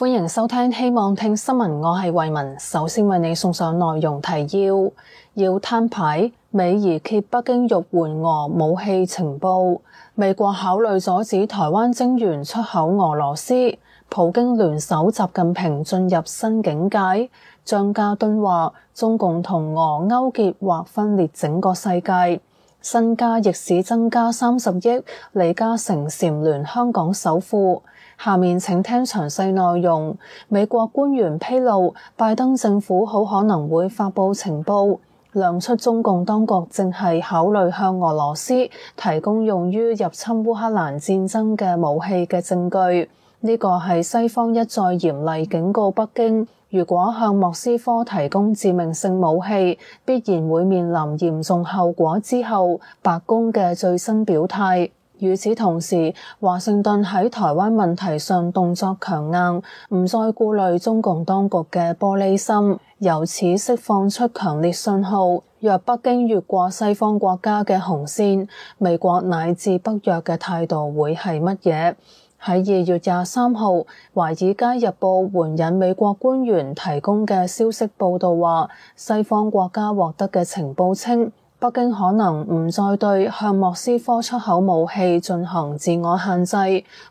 歡迎收聽，希望聽新聞，我係慧雯，首先為你送上內容提要：要攤牌，美擬揭北京欲援俄武器情報；美國考慮阻止台灣晶元出口俄羅斯；普京聯手習近平進入新境界；章家敦話中共同俄勾結或分裂整個世界；身家逆市增加三十億，李嘉誠蟬聯香港首富。下面請聽詳細內容。美國官員披露，拜登政府好可能會發布情報，亮出中共當局正係考慮向俄羅斯提供用於入侵烏克蘭戰爭嘅武器嘅證據。呢個係西方一再嚴厲警告北京，如果向莫斯科提供致命性武器，必然會面臨嚴重後果之後，白宮嘅最新表態。與此同時，華盛頓喺台灣問題上動作強硬，唔再顧慮中共當局嘅玻璃心，由此釋放出強烈信號：若北京越過西方國家嘅紅線，美國乃至北約嘅態度會係乜嘢？喺二月廿三號，《華爾街日報》援引美國官員提供嘅消息報道話，西方國家獲得嘅情報稱。北京可能唔再對向莫斯科出口武器進行自我限制。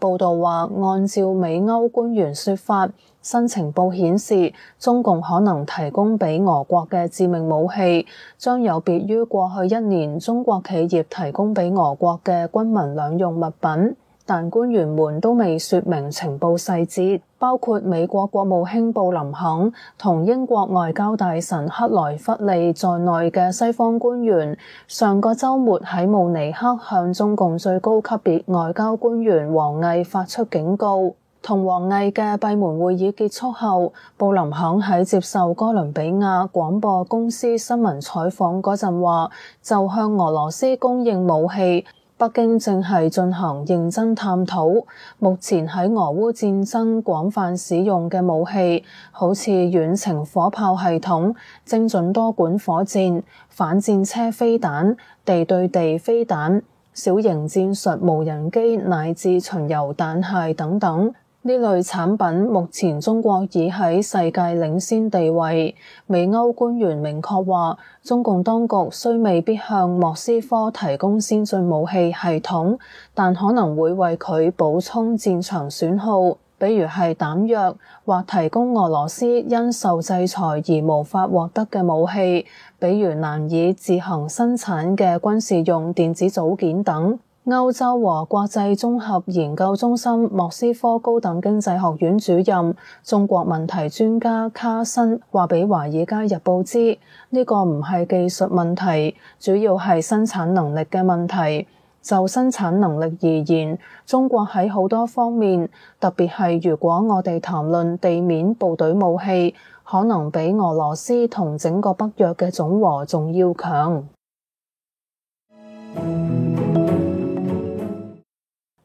報道話，按照美歐官員說法，新情報顯示，中共可能提供俾俄國嘅致命武器，將有別於過去一年中國企業提供俾俄國嘅軍民兩用物品。但官員們都未說明情報細節。包括美國國務卿布林肯同英國外交大臣克萊弗利在內嘅西方官員上個周末喺慕尼黑向中共最高級別外交官員王毅發出警告。同王毅嘅閉門會議結束後，布林肯喺接受哥倫比亞廣播公司新聞採訪嗰陣話，就向俄羅斯供應武器。北京正係進行認真探討，目前喺俄烏戰爭廣泛使用嘅武器，好似遠程火炮系統、精準多管火箭、反戰車飛彈、地對地飛彈、小型戰術無人機乃至巡遊彈械等等。呢類產品目前中國已喺世界領先地位。美歐官員明確話，中共當局雖未必向莫斯科提供先進武器系統，但可能會為佢補充戰場損耗，比如係彈藥或提供俄羅斯因受制裁而無法獲得嘅武器，比如難以自行生產嘅軍事用電子組件等。歐洲和國際綜合研究中心莫斯科高等經濟學院主任、中國問題專家卡申話俾華爾街日報知：呢個唔係技術問題，主要係生產能力嘅問題。就生產能力而言，中國喺好多方面，特別係如果我哋談論地面部隊武器，可能比俄羅斯同整個北約嘅總和仲要強。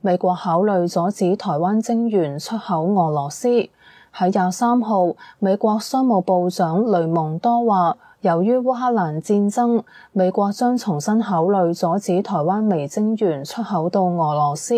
美國考慮阻止台灣晶元出口俄羅斯。喺廿三號，美國商務部長雷蒙多話，由於烏克蘭戰爭，美國將重新考慮阻止台灣微晶元出口到俄羅斯。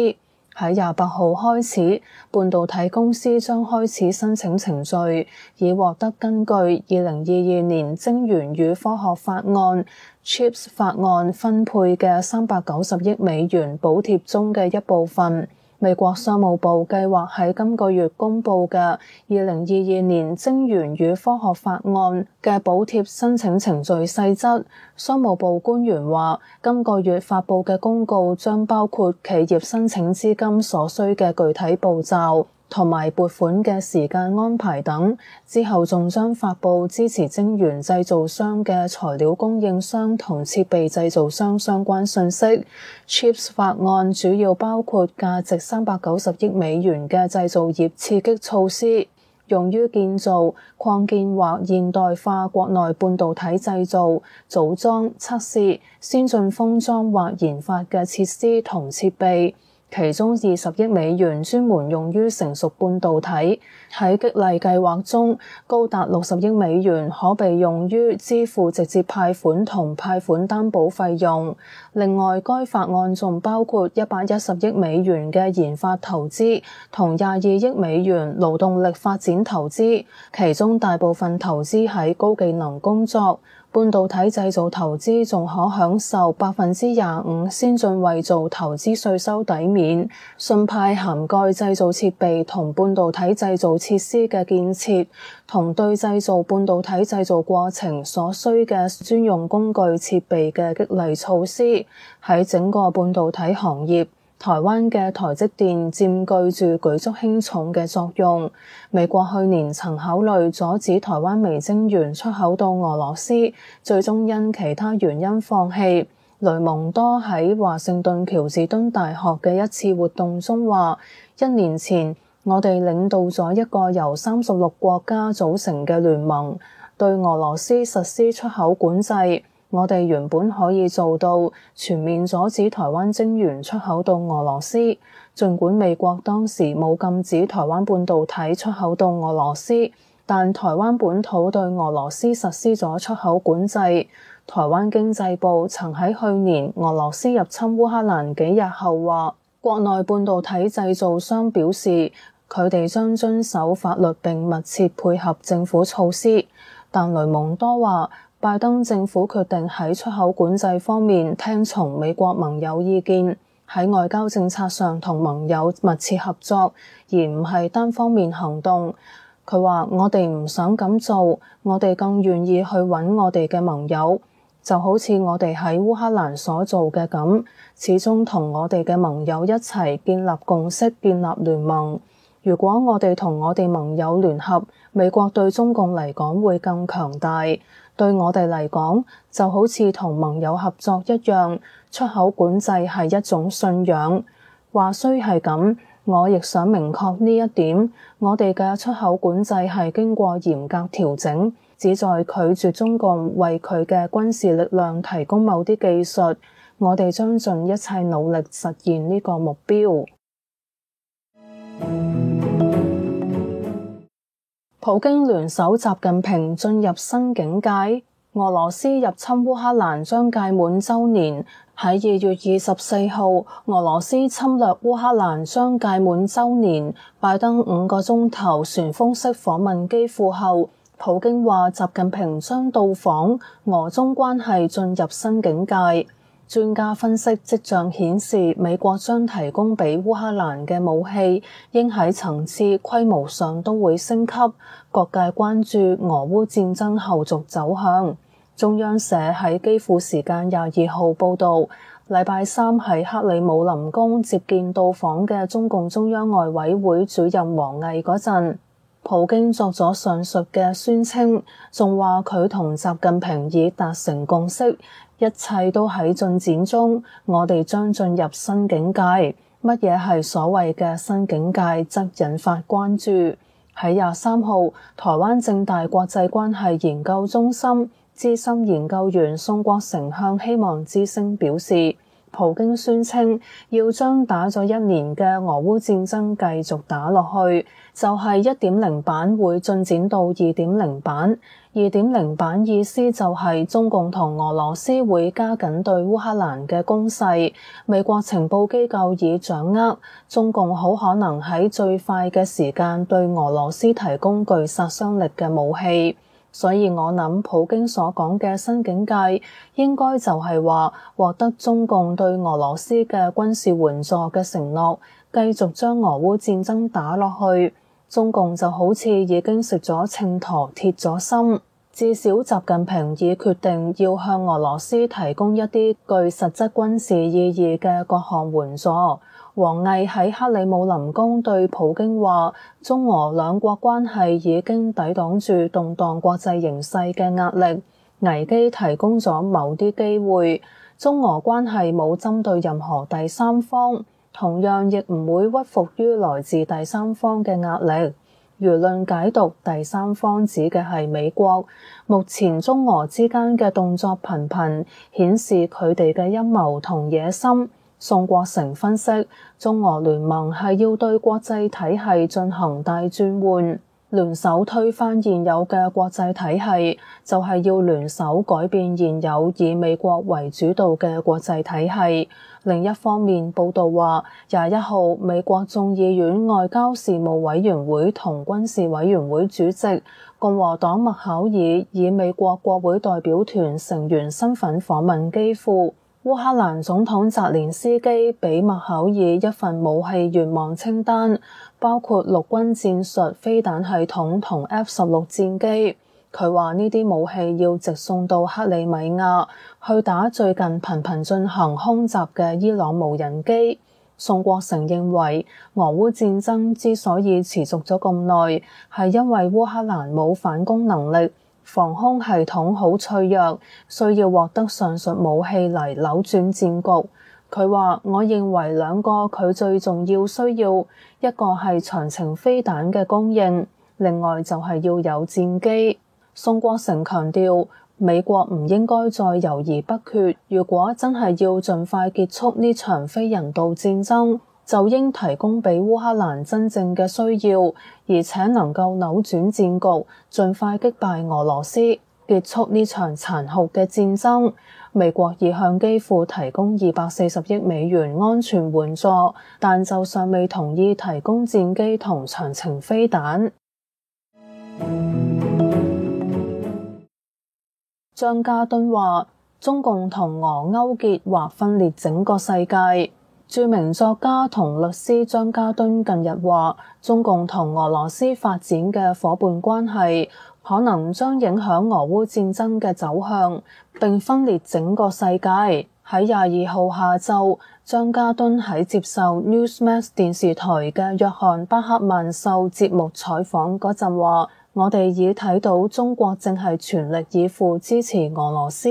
喺廿八號開始，半導體公司將開始申請程序，以獲得根據二零二二年晶圓與科學法案 （Chips 法案）分配嘅三百九十億美元補貼中嘅一部分。美國商務部計劃喺今個月公布嘅二零二二年晶元與科學法案嘅補貼申請程序細則。商務部官員話，今個月發布嘅公告將包括企業申請資金所需嘅具體步驟。同埋撥款嘅時間安排等，之後仲將發佈支持晶圓製造商嘅材料供應商同設備製造商相關信息。Chips 法案主要包括價值三百九十億美元嘅製造業刺激措施，用於建造、擴建或現代化國內半導體製造、組裝、測試、先進封裝或研發嘅設施同設備。其中二十億美元專門用於成熟半導體，喺激勵計劃中，高達六十億美元可被用於支付直接派款同派款擔保費用。另外，該法案仲包括一百一十億美元嘅研發投資同廿二億美元勞動力發展投資，其中大部分投資喺高技能工作半導體製造投資，仲可享受百分之廿五先進製造投資稅收抵免，信派涵蓋製造設備同半導體製造設施嘅建設。同對製造半導體製造過程所需嘅專用工具設備嘅激勵措施，喺整個半導體行業，台灣嘅台積電佔據住舉足輕重嘅作用。美國去年曾考慮阻止台灣微晶元出口到俄羅斯，最終因其他原因放棄。雷蒙多喺華盛頓喬治敦大學嘅一次活動中話：一年前。我哋領導咗一個由三十六國家組成嘅聯盟，對俄羅斯實施出口管制。我哋原本可以做到全面阻止台灣晶元出口到俄羅斯，儘管美國當時冇禁止台灣半導體出口到俄羅斯，但台灣本土對俄羅斯實施咗出口管制。台灣經濟部曾喺去年俄羅斯入侵烏克蘭幾日後話：國內半導體製造商表示，佢哋將遵守法律並密切配合政府措施。但雷蒙多話，拜登政府決定喺出口管制方面聽從美國盟友意見，喺外交政策上同盟友密切合作，而唔係單方面行動。佢話：我哋唔想咁做，我哋更願意去揾我哋嘅盟友。就好似我哋喺烏克蘭所做嘅咁，始終同我哋嘅盟友一齊建立共識、建立聯盟。如果我哋同我哋盟友聯合，美國對中共嚟講會更強大，對我哋嚟講就好似同盟友合作一樣。出口管制係一種信仰，話雖係咁，我亦想明確呢一點。我哋嘅出口管制係經過嚴格調整。旨在拒絕中共為佢嘅軍事力量提供某啲技術，我哋將盡一切努力實現呢個目標。普京聯手習近平進入新境界，俄羅斯入侵烏克蘭將屆滿週年。喺二月二十四號，俄羅斯侵略烏克蘭將屆滿週年，拜登五個鐘頭旋風式訪問基輔後。普京話：習近平將到訪，俄中關係進入新境界。專家分析，跡象顯示美國將提供俾烏克蘭嘅武器，應喺層次、規模上都會升級。各界關注俄烏戰爭後續走向。中央社喺基輔時間廿二號報導，禮拜三喺克里姆林宮接見到訪嘅中共中央外委會主任王毅嗰陣。普京作咗上述嘅宣稱，仲話佢同習近平已達成共識，一切都喺進展中。我哋將進入新境界。乜嘢係所謂嘅新境界？則引發關注。喺廿三號，台灣政大國際關係研究中心資深研究員宋國成向希望之聲表示。普京宣稱，要將打咗一年嘅俄烏戰爭繼續打落去，就係一點零版會進展到二點零版。二點零版意思就係中共同俄羅斯會加緊對烏克蘭嘅攻勢。美國情報機構已掌握，中共好可能喺最快嘅時間對俄羅斯提供具殺傷力嘅武器。所以我諗，普京所講嘅新境界，應該就係話獲得中共對俄羅斯嘅軍事援助嘅承諾，繼續將俄烏戰爭打落去。中共就好似已經食咗秤砣，鐵咗心。至少習近平已決定要向俄羅斯提供一啲具實質軍事意義嘅各項援助。王毅喺克里姆林宮對普京話：中俄兩國關係已經抵擋住動盪國際形勢嘅壓力，危機提供咗某啲機會。中俄關係冇針對任何第三方，同樣亦唔會屈服於來自第三方嘅壓力。輿論解讀第三方指嘅係美國。目前中俄之間嘅動作頻頻，顯示佢哋嘅陰謀同野心。宋國成分析，中俄聯盟係要對國際體系進行大轉換，聯手推翻現有嘅國際體系，就係、是、要聯手改變現有以美國為主導嘅國際體系。另一方面，報道話廿一號，美國眾議院外交事務委員會同軍事委員會主席共和黨麥考爾以美國國會代表團成員身份訪問基輔。烏克蘭總統澤連斯基俾麥考爾一份武器願望清單，包括陸軍戰術飛彈系統同 F 十六戰機。佢話呢啲武器要直送到克里米亞去打最近頻頻進行空襲嘅伊朗無人機。宋國成認為，俄烏戰爭之所以持續咗咁耐，係因為烏克蘭冇反攻能力。防空系統好脆弱，需要獲得上述武器嚟扭轉戰局。佢話，我認為兩個佢最重要需要，一個係長程飛彈嘅供應，另外就係要有戰機。宋國成強調，美國唔應該再猶豫不決，如果真係要盡快結束呢場非人道戰爭。就應提供俾烏克蘭真正嘅需要，而且能夠扭轉戰局，盡快擊敗俄羅斯，結束呢場殘酷嘅戰爭。美國已向基輔提供二百四十億美元安全援助，但就尚未同意提供戰機同長程飛彈。 章家敦話：中共同俄勾結或分裂整個世界。著名作家同律師張家敦近日話，中共同俄羅斯發展嘅夥伴關係可能將影響俄烏戰爭嘅走向，並分裂整個世界。喺廿二號下晝，張家敦喺接受 Newsmax 電視台嘅約翰巴克曼秀節目採訪嗰陣話：我哋已睇到中國正係全力以赴支持俄羅斯。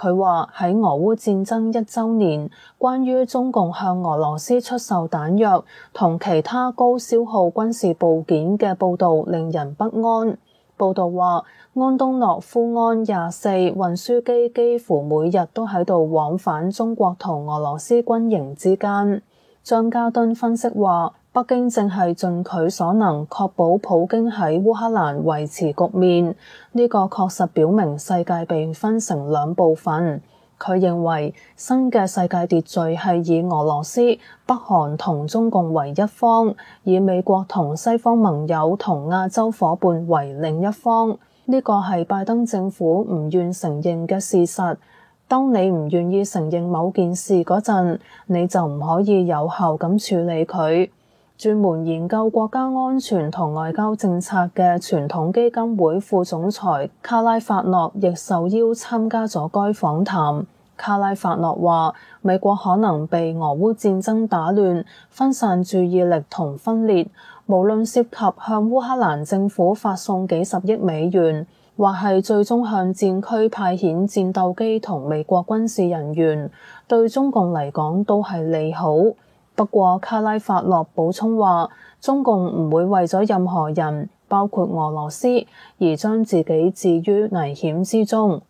佢話喺俄烏戰爭一週年，關於中共向俄羅斯出售彈藥同其他高消耗軍事部件嘅報導令人不安。報導話，安東諾夫安廿四運輸機幾乎每日都喺度往返中國同俄羅斯軍營之間。章家敦分析話。北京正係盡佢所能確保普京喺烏克蘭維持局面，呢、這個確實表明世界被分成兩部分。佢認為新嘅世界秩序係以俄羅斯、北韓同中共為一方，以美國同西方盟友同亞洲夥伴為另一方。呢、這個係拜登政府唔願承認嘅事實。當你唔願意承認某件事嗰陣，你就唔可以有效咁處理佢。專門研究國家安全同外交政策嘅傳統基金會副總裁卡拉法諾亦受邀參加咗該訪談。卡拉法諾話：美國可能被俄烏戰爭打亂、分散注意力同分裂，無論涉及向烏克蘭政府發送幾十億美元，或係最終向戰區派遣戰鬥機同美國軍事人員，對中共嚟講都係利好。不過，卡拉法洛補充話：中共唔會為咗任何人，包括俄羅斯，而將自己置於危險之中。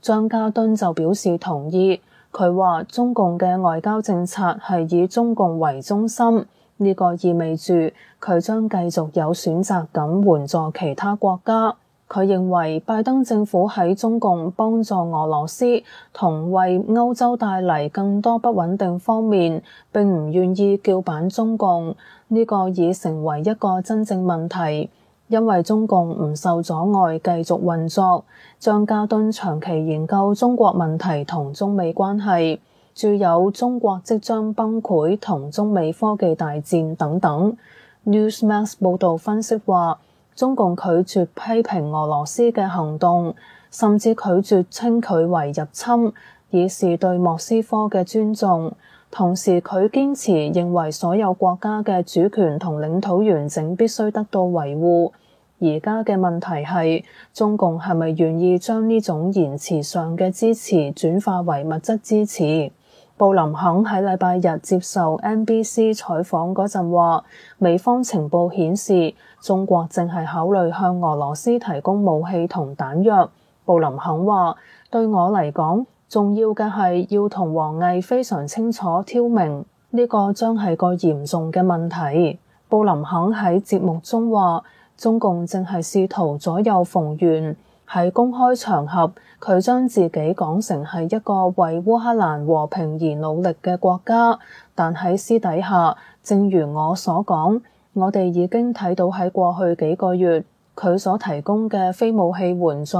章家敦就表示同意，佢話：中共嘅外交政策係以中共為中心，呢、這個意味住佢將繼續有選擇咁援助其他國家。佢認為拜登政府喺中共幫助俄羅斯同為歐洲帶嚟更多不穩定方面，並唔願意叫板中共。呢個已成為一個真正問題，因為中共唔受阻礙繼續運作。章家敦長期研究中國問題同中美關係，著有《中國即將崩潰》同《中美科技大戰》等等。Newsmax 報導分析話。中共拒絕批評俄羅斯嘅行動，甚至拒絕稱佢為入侵，以示對莫斯科嘅尊重。同時，佢堅持認為所有國家嘅主權同領土完整必須得到維護。而家嘅問題係，中共係咪願意將呢種言辭上嘅支持轉化為物質支持？布林肯喺禮拜日接受 NBC 採訪嗰陣話，美方情報顯示中國正係考慮向俄羅斯提供武器同彈藥。布林肯話：「對我嚟講，重要嘅係要同王毅非常清楚挑明，呢個將係個嚴重嘅問題。布林肯喺節目中話，中共正係試圖左右逢源。喺公開場合，佢將自己講成係一個為烏克蘭和平而努力嘅國家，但喺私底下，正如我所講，我哋已經睇到喺過去幾個月，佢所提供嘅非武器援助，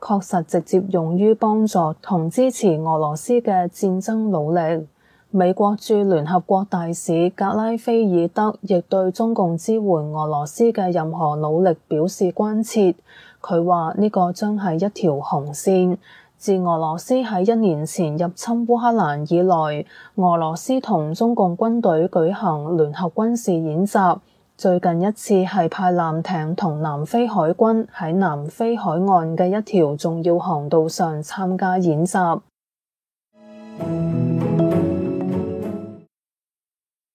確實直接用於幫助同支持俄羅斯嘅戰爭努力。美國駐聯合國大使格拉菲爾德亦對中共支援俄羅斯嘅任何努力表示關切。佢話，呢個將係一條紅線。自俄羅斯喺一年前入侵烏克蘭以來，俄羅斯同中共軍隊舉行聯合軍事演習，最近一次係派艦艇同南非海軍喺南非海岸嘅一條重要航道上參加演習。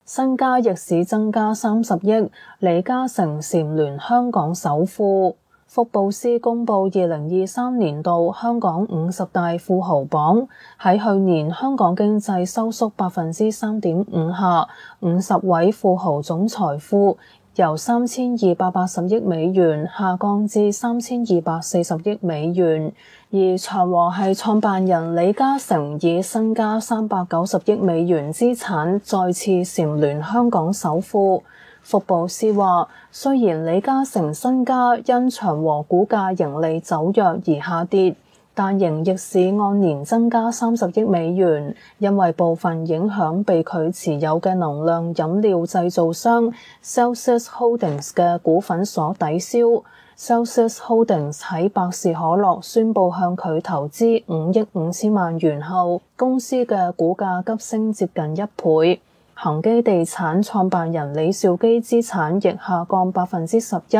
身家逆市增加三十億，李嘉誠蟬聯香港首富。福布斯公布二零二三年度香港五十大富豪榜，喺去年香港經濟收縮百分之三點五下，五十位富豪總財富。由三千二百八十億美元下降至三千二百四十億美元，而長和系創辦人李嘉誠以身家三百九十億美元資產再次蟬聯香港首富。福布斯話，雖然李嘉誠身家因長和股價盈利走弱而下跌。但營業市按年增加三十億美元，因為部分影響被佢持有嘅能量飲料製造商 Celsius Holdings 嘅股份所抵消。Celsius Holdings 喺百事可樂宣布向佢投資五億五千萬元後，公司嘅股價急升接近一倍。恒基地產創辦人李兆基資產亦下降百分之十一，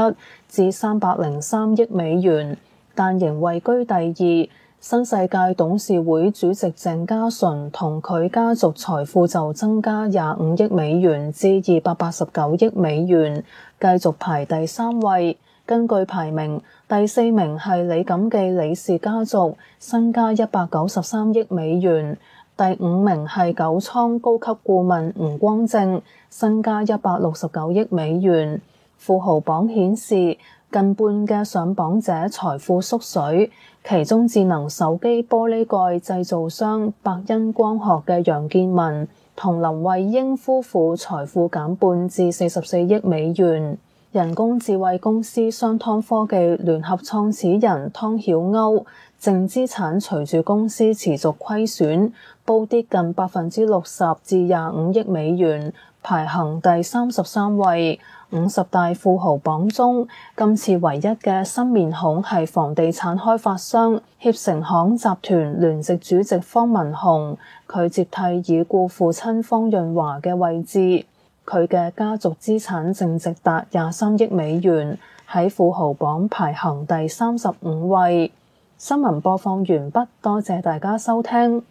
至三百零三億美元。但仍位居第二。新世界董事會主席鄭家純同佢家族財富就增加廿五億美元至二百八十九億美元，繼續排第三位。根據排名，第四名係李錦記李氏家族，身家一百九十三億美元。第五名係九倉高級顧問吳光正，身家一百六十九億美元。富豪榜顯示，近半嘅上榜者財富縮水，其中智能手機玻璃蓋製造商百恩光學嘅楊建文同林慧英夫婦財富減半至四十四億美元。人工智慧公司商湯科技聯合創始人湯曉歐淨資產隨住公司持續虧損暴跌近百分之六十至廿五億美元，排行第三十三位。五十大富豪榜中，今次唯一嘅新面孔係房地產開發商協成行集團聯席主席方文雄，佢接替已故父親方潤華嘅位置。佢嘅家族資產淨值達廿三億美元，喺富豪榜排行第三十五位。新聞播放完畢，多謝大家收聽。